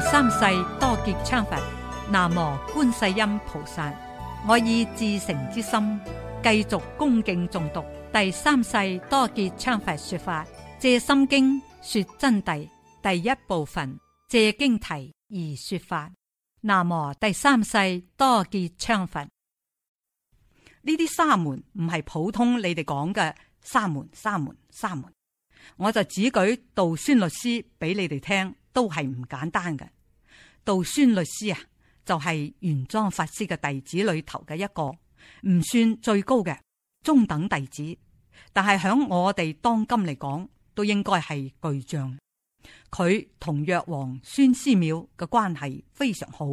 第三世多杰羌佛，南無觀世音菩薩。我以至誠之心，繼續恭敬誦讀第三世多杰羌佛說法《藉心經》說真諦第一部分《藉經題》而說法。南無第三世多杰羌佛。呢啲沙門唔係普通你哋講嘅沙門，沙門，沙門。我就只舉道宣律師俾你哋聽，都係唔簡單嘅。道宣律師啊，就係玄奘法師嘅弟子裏頭嘅一個，唔算最高嘅中等弟子，但係響我哋當今嚟講，都應該係巨匠。佢同藥王孫思邈嘅關係非常好，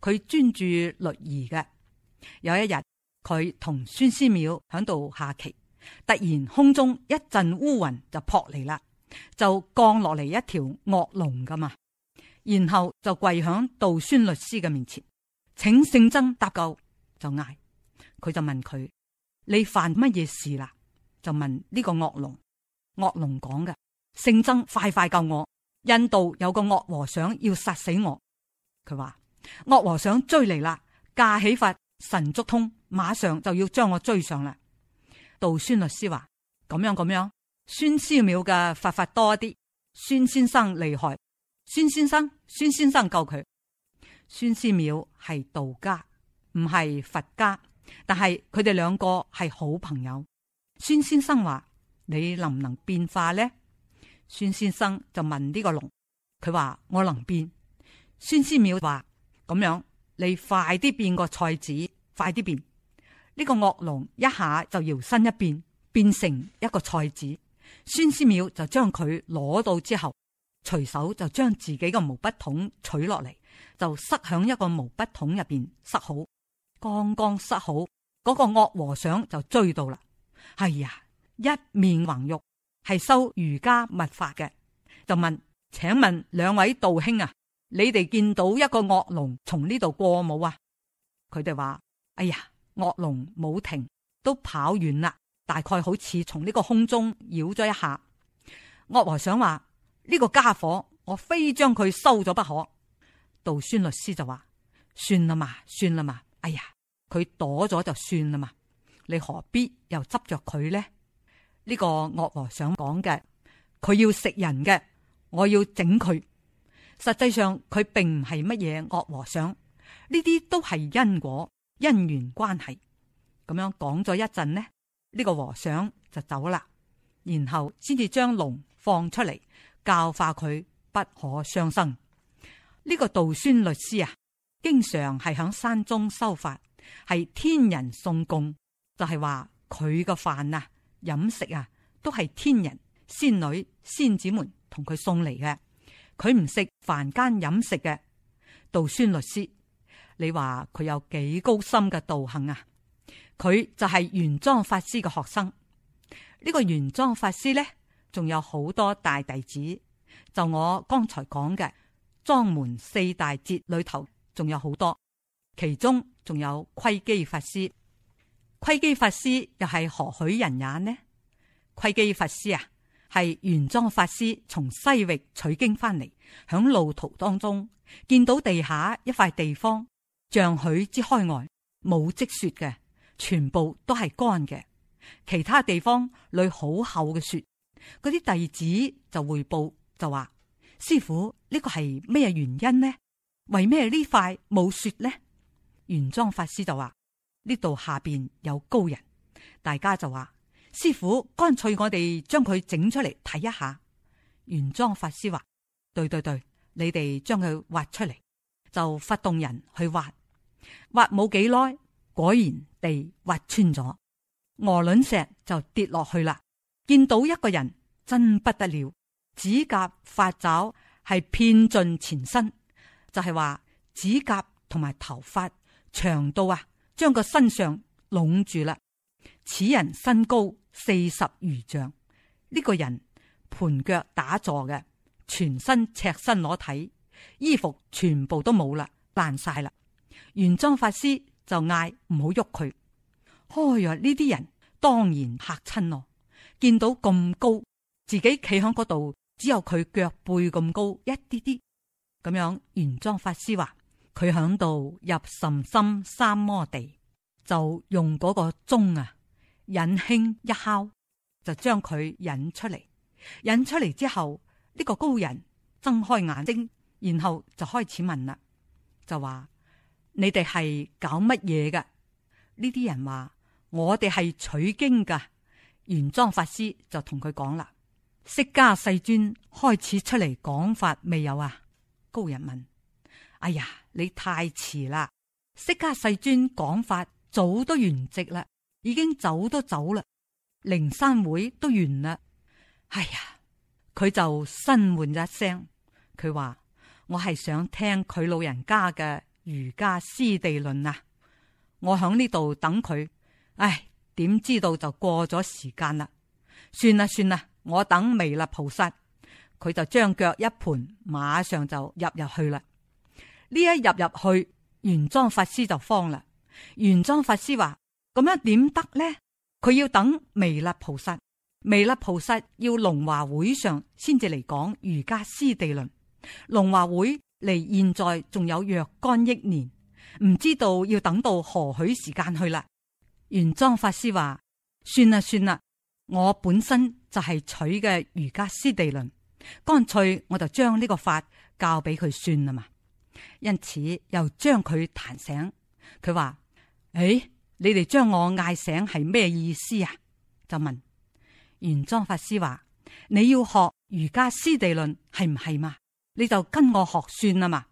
佢專注律儀嘅。有一日，佢同孫思邈響度下棋，突然空中一陣烏雲就撲嚟啦。就降落嚟一條惡龍噶嘛，然後就跪響道宣律師嘅面前，請聖僧搭救，就嗌佢就問佢你犯乜嘢事啦？就問呢個惡龍，惡龍講嘅：「聖僧快快救我！印度有個惡和尚要殺死我，佢話惡和尚追嚟啦，架起佛神足通，馬上就要將我追上啦。道宣律師話咁樣咁樣。孫思邈嘅佛法多啲，孫先生厲害。孫先生，孫先生救佢。孫思邈係道家，唔係佛家，但係佢哋兩個係好朋友。孫先生話：你能唔能變化呢？孫先生就問呢個龍，佢話我能變。孫思邈話：咁樣，你快啲變個菜籽，快啲變。呢、這個惡龍一下就搖身一變，變成一個菜籽。孫思邈就將佢攞到之後，隨手就將自己個毛筆筒取落嚟，就塞響一個毛筆筒入邊，塞好。剛剛塞好，嗰、那個惡和尚就追到啦。哎呀，一面橫肉，係修瑜伽密法嘅，就問：請問兩位道兄啊，你哋見到一個惡龍從呢度過冇啊？佢哋話：哎呀，惡龍冇停，都跑遠啦。大概好似從呢個空中繞咗一下，惡和尚話：呢個家伙，我非將佢收咗不可。道宣律師就話：算啦嘛，算啦嘛，哎呀，佢躲咗就算啦嘛，你何必又執着佢呢？呢個惡和尚講嘅，佢要食人嘅，我要整佢。實際上佢並唔係乜嘢惡和尚，呢啲都係因果因緣關係。咁樣講咗一陣呢。呢個和尚就走啦，然後先至將龍放出嚟教化佢不可傷生。呢、這個道宣律師啊，經常係響山中修法，係天人送供，就係話佢嘅飯啊、飲食啊，都係天人仙女仙子們同佢送嚟嘅。佢唔食凡間飲食嘅道宣律師，你話佢有幾高深嘅道行啊？佢就係原裝法師嘅學生。呢、這個原裝法師呢，仲有好多大弟子。就我剛才講嘅莊門四大節裏頭，仲有好多，其中仲有窺基法師。窺基法師又係何許人也呢？窺基法師啊，係原裝法師從西域取經翻嚟，響路途當中見到地下一塊地方，像許之開外冇積雪嘅。全部都係乾嘅，其他地方裏好厚嘅雪。嗰啲弟子就匯報就話：師父，呢、呢個係咩原因呢？為咩呢塊冇雪呢？玄奘法師就話：呢度下邊有高人。大家就話：師父，乾脆我哋將佢整出嚟睇一下。玄奘法師話：對對對，你哋將佢挖出嚟，就發動人去挖。挖冇幾耐。果然地挖穿咗，鵝卵石就跌落去啦。見到一個人真不得了，指甲髮爪係遍盡前身，就係、是、話指甲同埋頭髮長到啊，將個身上攏住啦。此人身高四十餘丈，呢、這個人盤腳打坐嘅，全身赤身裸體，衣服全部都冇啦，爛晒啦。原裝法師。就嗌唔好喐佢。哎呀，呢啲人當然嚇親咯。見到咁高，自己企喺嗰度，只有佢腳背咁高一啲啲咁樣。玄奘法師話佢喺度入甚深三摩地，就用嗰個鐘啊引輕一敲，就將佢引出嚟。引出嚟之後，呢、這個高人睜開眼睛，然後就開始問啦，就話。你哋係搞乜嘢噶？呢啲人話我哋係取經噶。玄奘法師就同佢講啦：釋迦世尊開始出嚟講法未有啊？高人問：哎呀，你太遲啦！釋迦世尊講法早都完結啦，已經走都走啦，靈山會都完啦。哎呀，佢就新換咗一聲，佢話我係想聽佢老人家嘅瑜伽師地論啊！我喺呢度等佢，唉，點知道就過咗時間啦？算啦算啦，我等彌勒菩薩，佢就將腳一盤，馬上就入入去啦。呢一入入去，玄奘法師就慌啦。玄奘法師話：咁樣點得呢？佢要等彌勒菩薩，彌勒菩薩要龍華會上先至嚟講瑜伽師地論，龍華會。嚟現在仲有若干億年，唔知道要等到何許時間去啦。玄奘法師話：算啦算啦，我本身就係取嘅瑜伽師地論，乾脆我就將呢個法教俾佢算啦嘛。因此又將佢彈醒，佢話：誒、哎，你哋將我嗌醒係咩意思啊？就問玄奘法師話：你要學瑜伽師地論係唔係嘛？是你就跟我學算啦嘛，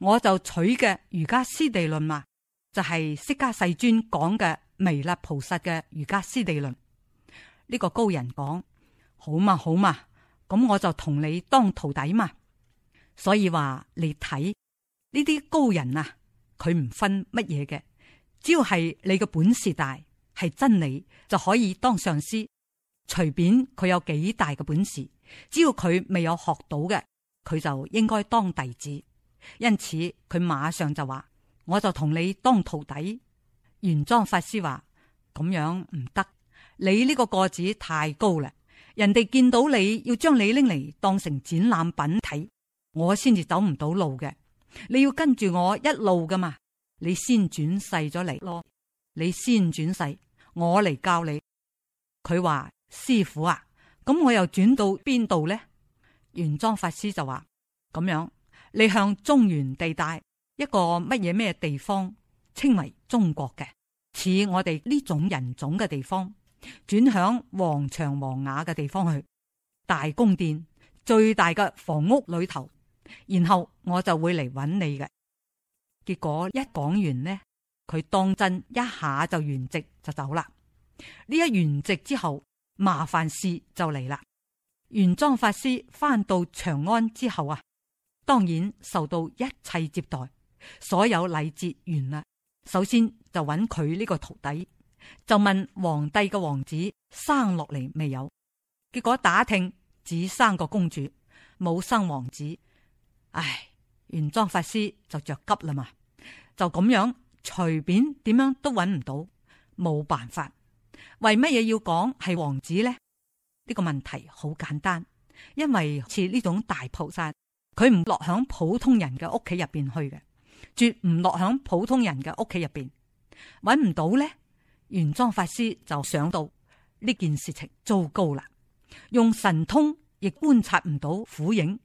我就取嘅《瑜伽師地論》嘛，就係釋迦世尊講嘅彌勒菩薩嘅《瑜伽師地論》。呢個高人講好嘛好嘛，咁我就同你當徒弟嘛。所以話你睇呢啲高人啊，佢唔分乜嘢嘅，只要係你嘅本事大，係真理就可以當上司。隨便佢有幾大嘅本事，只要佢未有學到嘅。佢就應該當弟子，因此佢馬上就話：我就同你當徒弟。玄奘法師話：咁樣唔得，你呢個個子太高啦，人哋見到你要將你拎嚟當成展覽品睇，我先至走唔到路嘅。你要跟住我一路噶嘛，你先轉世咗嚟咯，你先轉世，我嚟教你。佢話：師傅啊，咁我又轉到邊度咧？原裝法師就話，咁樣，你向中原地帶一個乜嘢咩地方，稱為中國嘅，似我哋呢種人種嘅地方，轉向黃牆黃瓦嘅地方去大宮殿最大嘅房屋裏頭，然後我就會嚟揾你嘅。結果一講完呢，佢當真一下就圓寂就走啦。呢一圓寂之後，麻煩事就嚟啦。玄奘法師返到長安之後啊，當然受到一切接待，所有禮節完啦。首先就揾佢呢個徒弟，就問皇帝嘅王子生落嚟未有？結果打聽只生個公主，冇生王子。唉，玄奘法師就着急啦嘛，就咁樣隨便點樣都揾唔到，冇辦法。為乜嘢要講係王子呢？呢個問題好簡單，因為似呢種大菩薩，佢唔落響普通人嘅屋企入邊去嘅，絕唔落響普通人嘅屋企入邊。揾唔到咧，玄奘法師就想到呢件事情糟糕啦。用神通亦觀察唔到苦影，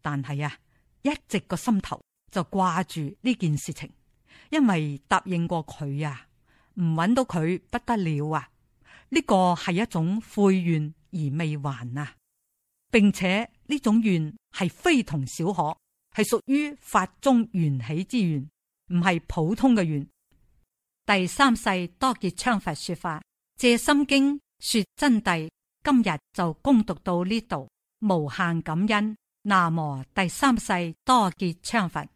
但係啊，一直個心頭就掛住呢件事情，因為答應過佢啊，唔揾到佢不得了啊。呢、這個係一種悔怨。而未還啊，並且呢種願係非同小可，係屬於法中緣起之願，唔係普通嘅願。第三世多杰羌佛說法，借心經說真諦，今日就恭讀到呢度，無限感恩。南無第三世多杰羌佛。